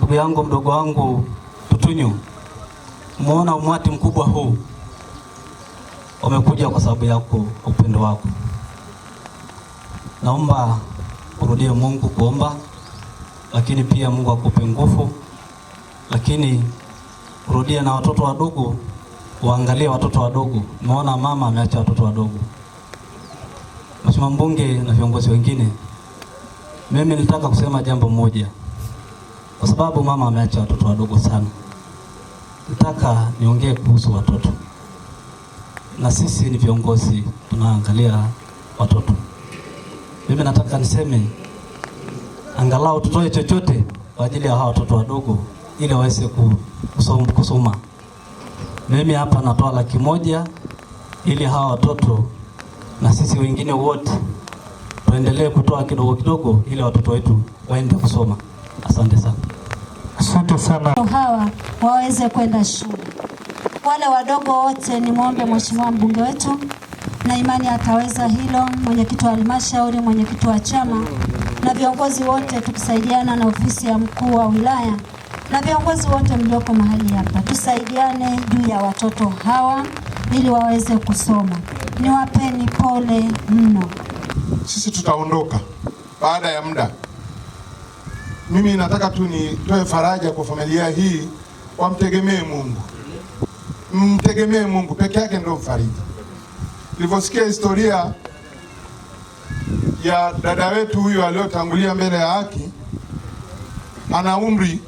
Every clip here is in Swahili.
ndugu yangu mdogo wangu Tutunyu, muona umati mkubwa huu, wamekuja kwa sababu yako, upendo wako. Naomba urudie Mungu kuomba, lakini pia Mungu akupe nguvu, lakini urudie na watoto wadogo, waangalie watoto wadogo. Umeona mama ameacha watoto wadogo. Mheshimiwa mbunge na viongozi wengine, mimi nilitaka kusema jambo moja kwa sababu mama ameacha watoto wadogo sana. Nataka niongee kuhusu watoto, na sisi ni viongozi tunaangalia watoto. Mimi nataka niseme angalau tutoe chochote kwa ajili ya hawa watoto wadogo ili waweze kusoma. Mimi hapa natoa laki moja ili hawa watoto na sisi wengine wote tuendelee kutoa kidogo kidogo ili watoto wetu waende kusoma. Asante sana. Asante sana. Hawa waweze kwenda shule, wale wadogo wote. ni mwombe mheshimiwa mbunge wetu na imani ataweza hilo, mwenyekiti wa halmashauri, mwenyekiti wa chama na viongozi wote, tukisaidiana na ofisi ya mkuu wa wilaya na viongozi wote mlioko mahali hapa, tusaidiane juu ya watoto hawa ili waweze kusoma. Niwapeni pole mno, sisi tutaondoka baada ya muda mimi nataka tu nitoe faraja kwa familia hii, wamtegemee Mungu, mtegemee Mungu peke yake ndio mfariji. Nilivyosikia historia ya dada wetu huyu aliyotangulia mbele ya haki, ana umri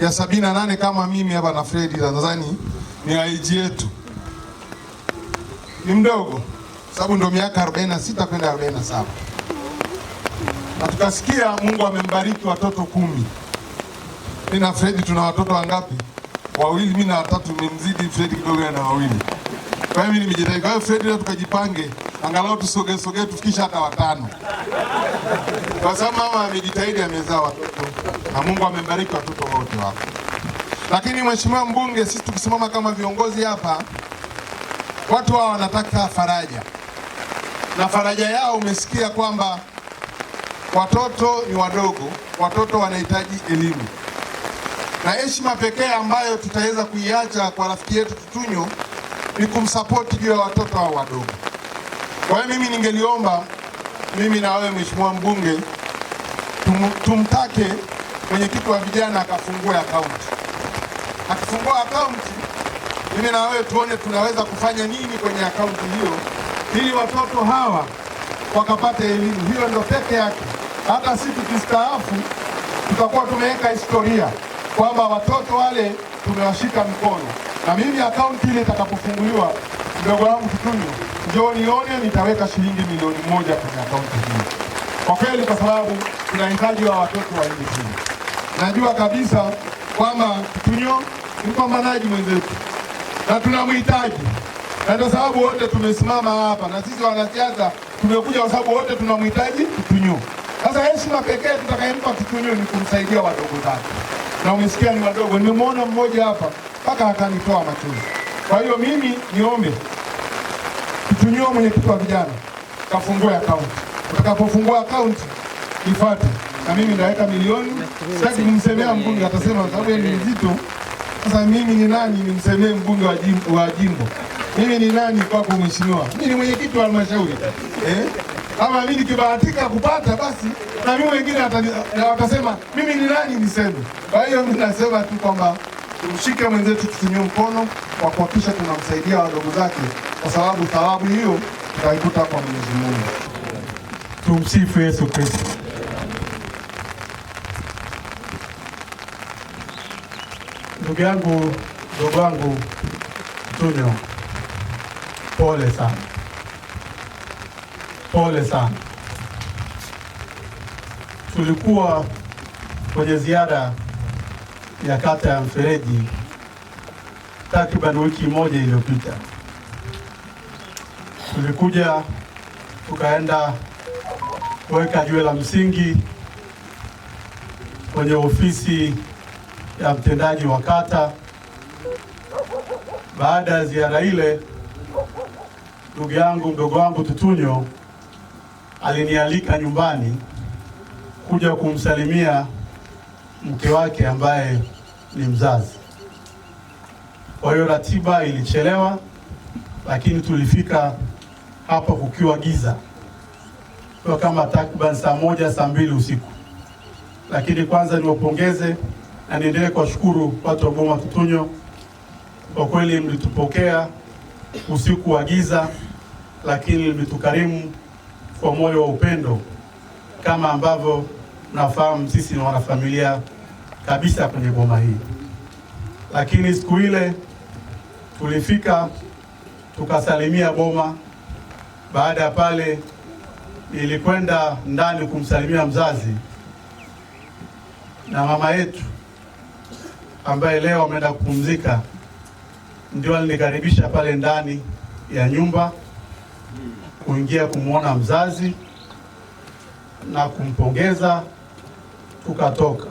ya sabini na nane kama mimi hapa na Fredi, nadhani ni aiji yetu, ni mdogo sababu ndio miaka 46 kwenda 47 na tukasikia Mungu amembariki watoto kumi. Mimi na Fredi tuna watoto wangapi? Wawili. Mimi na watatu, nimemzidi Fredi kidogo na wawili. Kwa hiyo nimejitahidi. Kwa hiyo Fredi leo tukajipange angalau tusoge soge tufikisha hata watano, kwa sababu mama amejitahidi, amezaa watoto na Mungu amembariki watoto wote wapo. Lakini mheshimiwa mbunge, sisi tukisimama kama viongozi hapa, watu hawa wanataka faraja na faraja yao umesikia kwamba Watoto ni wadogo, watoto wanahitaji elimu, na heshima pekee ambayo tutaweza kuiacha kwa rafiki yetu Tutunyo ni kumsapoti juu ya watoto hao wadogo. Kwa hiyo mimi ningeliomba, mimi na wewe mheshimiwa mbunge, tum, tumtake mwenyekiti wa vijana akafungue akaunti. Akifungua akaunti, mimi na wewe tuone tunaweza kufanya nini kwenye akaunti hiyo, ili watoto hawa wakapata elimu. Hiyo ndio peke yake hata sisi tukistaafu tutakuwa tumeweka historia kwamba watoto wale tumewashika mkono. Na mimi akaunti ile itakapofunguliwa, mdogo wangu Tutunyo, njoo nione, nitaweka shilingi milioni moja kwenye akaunti hii, kwa kweli, kwa sababu tunahitaji wa watoto wa nchi Najua kabisa kwamba Kitunyo ni mpambanaji mwenzetu na tunamhitaji, na ndio sababu wote tumesimama hapa, na sisi wanasiasa tumekuja kwa sababu wote tunamhitaji Tutunyo. Sasa heshima pekee tutakayempa kitu ni kumsaidia wadogo zake, na umesikia ni wadogo. Nimemwona mmoja hapa mpaka akanitoa machozi. Kwa hiyo mimi niombe Kitunyuo, mwenyekiti wa vijana, kafungue akaunti. Utakapofungua akaunti ifuate, na mimi ndaweka milioni. Sitaki kumsemea mbunge, atasema sababu ni mzito. Sasa mimi ni nani nimsemee mbunge wa jimbo? Mimi ni nani kwako mheshimiwa? Mimi ni mwenyekiti wa halmashauri eh? kama mimi nikibahatika kupata basi na mimi wengine watasema mimi ni nani niseme. Kwa hiyo mimi nasema tu kwamba tumshike mwenzetu, tutumie mkono kwa kuhakikisha tunamsaidia wadogo zake, kwa sababu thawabu hiyo tutaikuta kwa Mwenyezi Mungu. Tumsifu Yesu Kristo. Ndugu yangu, ndugu wangu Tunyo, pole sana pole sana. Tulikuwa kwenye ziara ya kata ya Mfereji takriban wiki moja iliyopita. Tulikuja tukaenda kuweka jiwe la msingi kwenye ofisi ya mtendaji wa kata. Baada ya ziara ile, ndugu yangu mdogo wangu Tutunyo alinialika nyumbani kuja kumsalimia mke wake ambaye ni mzazi. Kwa hiyo ratiba ilichelewa, lakini tulifika hapa kukiwa giza kwa kama takriban saa moja saa mbili usiku. Lakini kwanza niwapongeze na niendelee kuwashukuru watu wa Boma Tutunyo, kwa kweli mlitupokea usiku wa giza, lakini mlitukarimu kwa moyo wa upendo, kama ambavyo mnafahamu sisi ni wanafamilia kabisa kwenye boma hii. Lakini siku ile tulifika tukasalimia boma. Baada ya pale, nilikwenda ndani kumsalimia mzazi na mama yetu ambaye leo ameenda kupumzika, ndio alinikaribisha pale ndani ya nyumba kuingia kumwona mzazi na kumpongeza, tukatoka.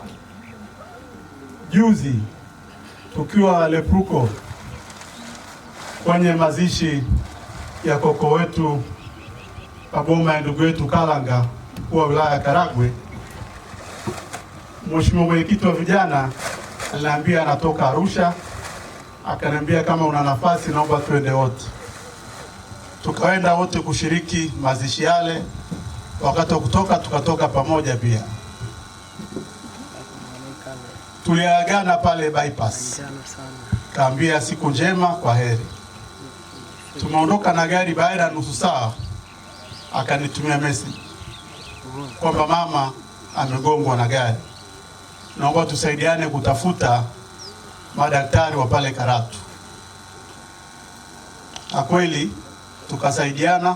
Juzi tukiwa Lepruko kwenye mazishi ya koko wetu Pagoma ya ndugu yetu Kalanga, mkuu wa wilaya ya Karagwe, mheshimiwa mwenyekiti wa vijana aliniambia anatoka Arusha, akaniambia kama una nafasi, naomba tuende wote tukaenda wote kushiriki mazishi yale. Wakati wa kutoka, tukatoka pamoja pia, tuliagana pale bypass, kaambia siku njema, kwa heri. Tumeondoka na gari baada ya nusu saa, akanitumia message kwamba mama amegongwa na gari, naomba tusaidiane kutafuta madaktari wa pale Karatu. Na kweli tukasaidiana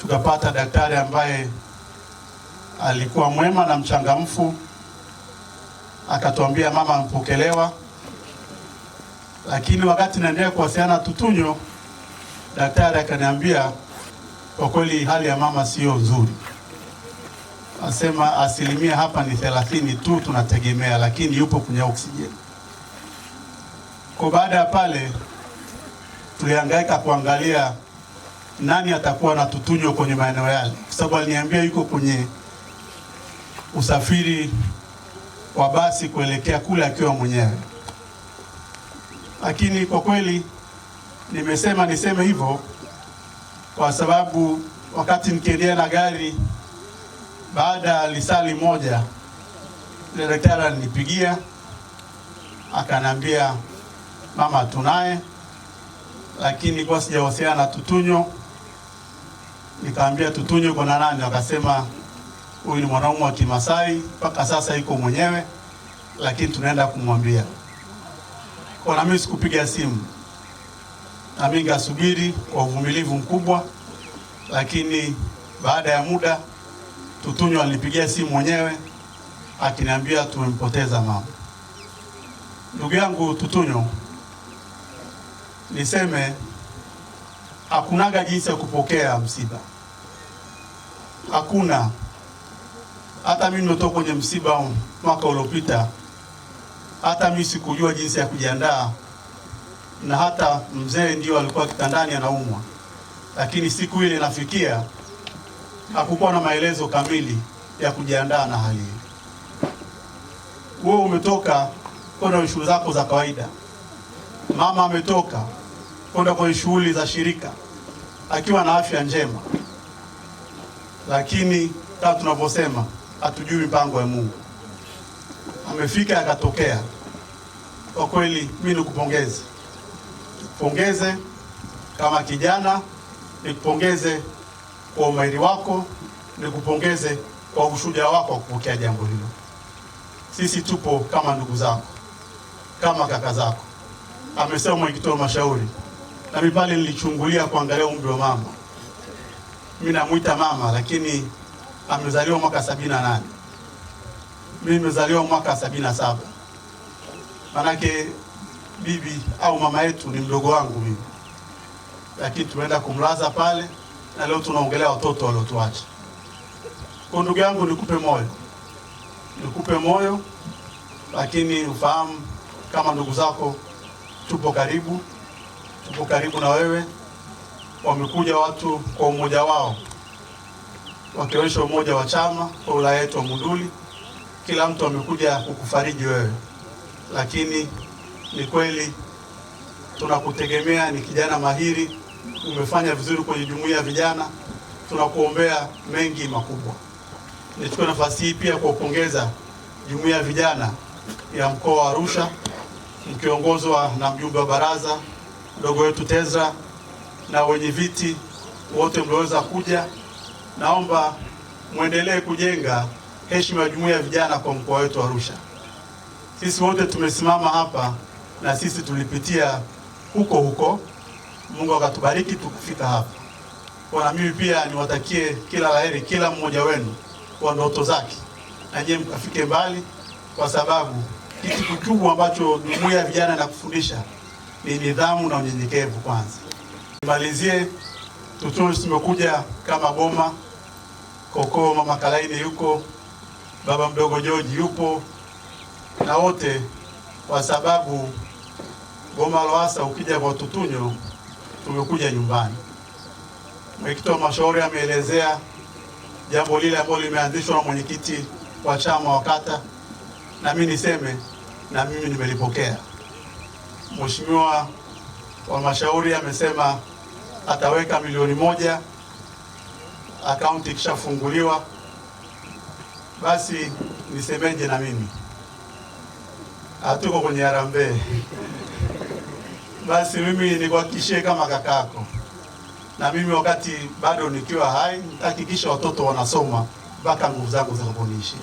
tukapata daktari ambaye alikuwa mwema na mchangamfu, akatuambia mama amepokelewa. Lakini wakati naendelea kuwasiliana Tutunyo, daktari akaniambia kwa kweli hali ya mama siyo nzuri, asema asilimia hapa ni thelathini tu tunategemea, lakini yupo kwenye oksijeni. Kwa baada ya pale tulihangaika kuangalia nani atakuwa na tutunyo kwenye maeneo yale, kwa sababu aliniambia yuko kwenye usafiri wa basi kuelekea kule akiwa mwenyewe. Lakini kwa kweli nimesema niseme hivyo kwa sababu wakati nikiendea na gari, baada ya lisali moja ile daktari alinipigia akaniambia, mama tunaye lakini kwa sijawasiliana na Tutunyo, nikaambia Tutunyo uko na nani? Akasema huyu ni mwanaume wa Kimasai, mpaka sasa iko mwenyewe, lakini tunaenda kumwambia. Kwa mimi sikupiga simu, mimi ngasubiri kwa uvumilivu mkubwa, lakini baada ya muda Tutunyo alinipigia simu mwenyewe akiniambia tumempoteza mama. Ndugu yangu Tutunyo niseme hakunaga jinsi ya kupokea msiba, hakuna. Hata mimi nimetoka kwenye msiba mwaka uliopita, hata mimi sikujua jinsi ya kujiandaa, na hata mzee ndio alikuwa kitandani anaumwa, lakini siku ile nafikia hakukuwa na maelezo kamili ya kujiandaa na hali hii. Wewe umetoka kwenda shughuli zako za kawaida, mama ametoka kwenda kwenye shughuli za shirika akiwa na afya njema, lakini kama tunavyosema hatujui mipango ya Mungu. Amefika akatokea. Kwa kweli mimi nikupongeze, pongeze kama kijana, nikupongeze kwa umahiri wako, nikupongeze kwa ushujaa wako wa kupokea jambo hilo. Sisi tupo kama ndugu zako, kama kaka zako, amesema mwenyekiti wa halmashauri mimi pale nilichungulia kuangalia umri wa mama. Mimi namwita mama, lakini amezaliwa mwaka sabini na nane mimi nimezaliwa mwaka sabini na saba Manake bibi au mama yetu ni mdogo wangu mimi, lakini tumeenda kumlaza pale na leo tunaongelea watoto waliotuacha. Kwa ndugu yangu, nikupe moyo, nikupe moyo, lakini ufahamu kama ndugu zako tupo karibu tuko karibu na wewe. Wamekuja watu kwa umoja wao, wakionyesha umoja wa chama kwa wilaya yetu wa Monduli. Kila mtu amekuja kukufariji wewe, lakini ni kweli tunakutegemea. Ni kijana mahiri, umefanya vizuri kwenye jumuiya ya vijana, tunakuombea mengi makubwa. Nichukue nafasi hii pia kuwapongeza jumuiya ya vijana ya mkoa wa Arusha mkiongozwa na mjumbe wa baraza ndogo wetu Tezra na wenye viti wote mlioweza kuja, naomba mwendelee kujenga heshima ya jumuiya ya vijana kwa mkoa wetu Arusha. Sisi wote tumesimama hapa na sisi tulipitia huko huko, Mungu akatubariki tukufika hapa. Kwa na mimi pia niwatakie kila laheri kila mmoja wenu kwa ndoto zake, na nyie mkafike mbali, kwa sababu kitu kikubwa ambacho jumuiya ya vijana inakufundisha ni nidhamu na unyenyekevu kwanza. Nimalizie tutu, tumekuja kama boma kokoo. Mama Kalaine yuko, baba mdogo George yupo na wote, kwa sababu boma Lowassa ukija kwa Tutunyo tumekuja nyumbani. Mwenyekiti wa mashauri ameelezea jambo lile ambalo limeanzishwa na mwenyekiti wa chama wa kata, na mimi niseme na mimi nimelipokea. Mheshimiwa wa Halmashauri amesema ataweka milioni moja, akaunti ikishafunguliwa basi nisemeje? Na mimi hatuko kwenye harambee basi mimi nikuhakikishie kama kakako, na mimi wakati bado nikiwa hai nitahakikisha watoto wanasoma mpaka nguvu zangu zitakaponishia.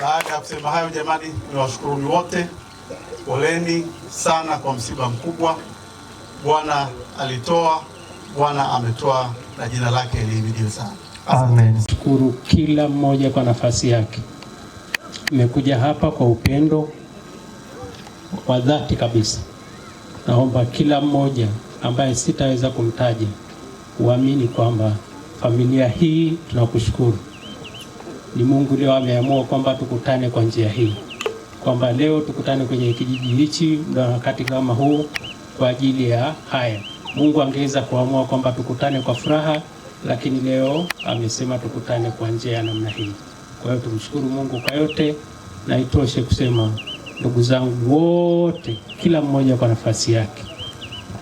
Baada ya kusema hayo, jamani, washukuruni wote, poleni sana kwa msiba mkubwa. Bwana alitoa, Bwana ametoa na jina lake lihimidiwe sana. Amen. Shukuru kila mmoja kwa nafasi yake. Nimekuja hapa kwa upendo wa dhati kabisa. Naomba kila mmoja ambaye sitaweza kumtaja uamini kwamba familia hii tunakushukuru ni Mungu leo ameamua kwamba tukutane kwa njia hii, kwamba leo tukutane kwenye kijiji hichi na wakati kama huu kwa ajili ya haya. Mungu angeweza kuamua kwamba tukutane kwa furaha, lakini leo amesema tukutane kwa njia ya namna hii. Kwa hiyo tumshukuru Mungu kwa yote, na itoshe kusema ndugu zangu wote, kila mmoja kwa nafasi yake,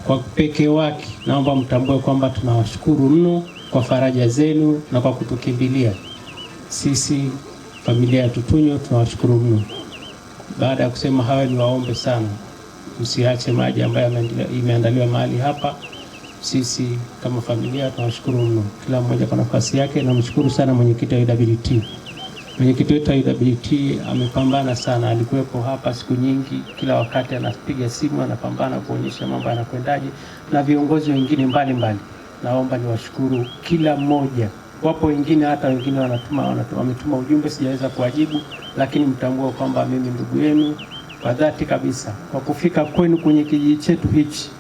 kwa pekee wake, naomba mtambue kwamba tunawashukuru mno kwa faraja zenu na kwa kutukimbilia sisi familia ya Tutunyo tunawashukuru mno. Baada ya kusema hayo, niwaombe sana msiache maji ambayo imeandaliwa mahali hapa. Sisi kama familia tunawashukuru mno, kila mmoja kwa nafasi yake. Namshukuru sana mwenyekiti wa UWT. Mwenyekiti wetu wa UWT amepambana sana, alikuwepo hapa siku nyingi, kila wakati anapiga simu, anapambana kuonyesha mambo yanakwendaje, na viongozi wengine mbalimbali. Naomba niwashukuru kila mmoja Wapo wengine hata wengine wanatuma wanatuma wametuma ujumbe sijaweza kuwajibu, lakini mtambue kwamba mimi ndugu yenu kwa dhati kabisa. Kwa kufika kwenu kwenye kijiji chetu hichi,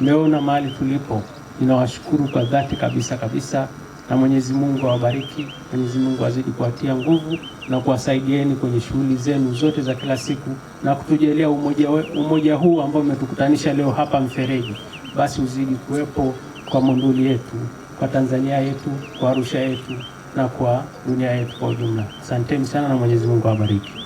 mmeona mahali tulipo, ninawashukuru kwa dhati kabisa kabisa, na Mwenyezi Mungu awabariki. Mwenyezi Mungu azidi kuwatia nguvu na kuwasaidieni kwenye shughuli zenu zote za kila siku na kutujalia umoja, umoja huu ambao umetukutanisha leo hapa Mfereji, basi uzidi kuwepo kwa Monduli yetu kwa Tanzania yetu, kwa Arusha yetu na kwa dunia yetu kwa ujumla. Asanteni sana na Mwenyezi Mungu awabariki.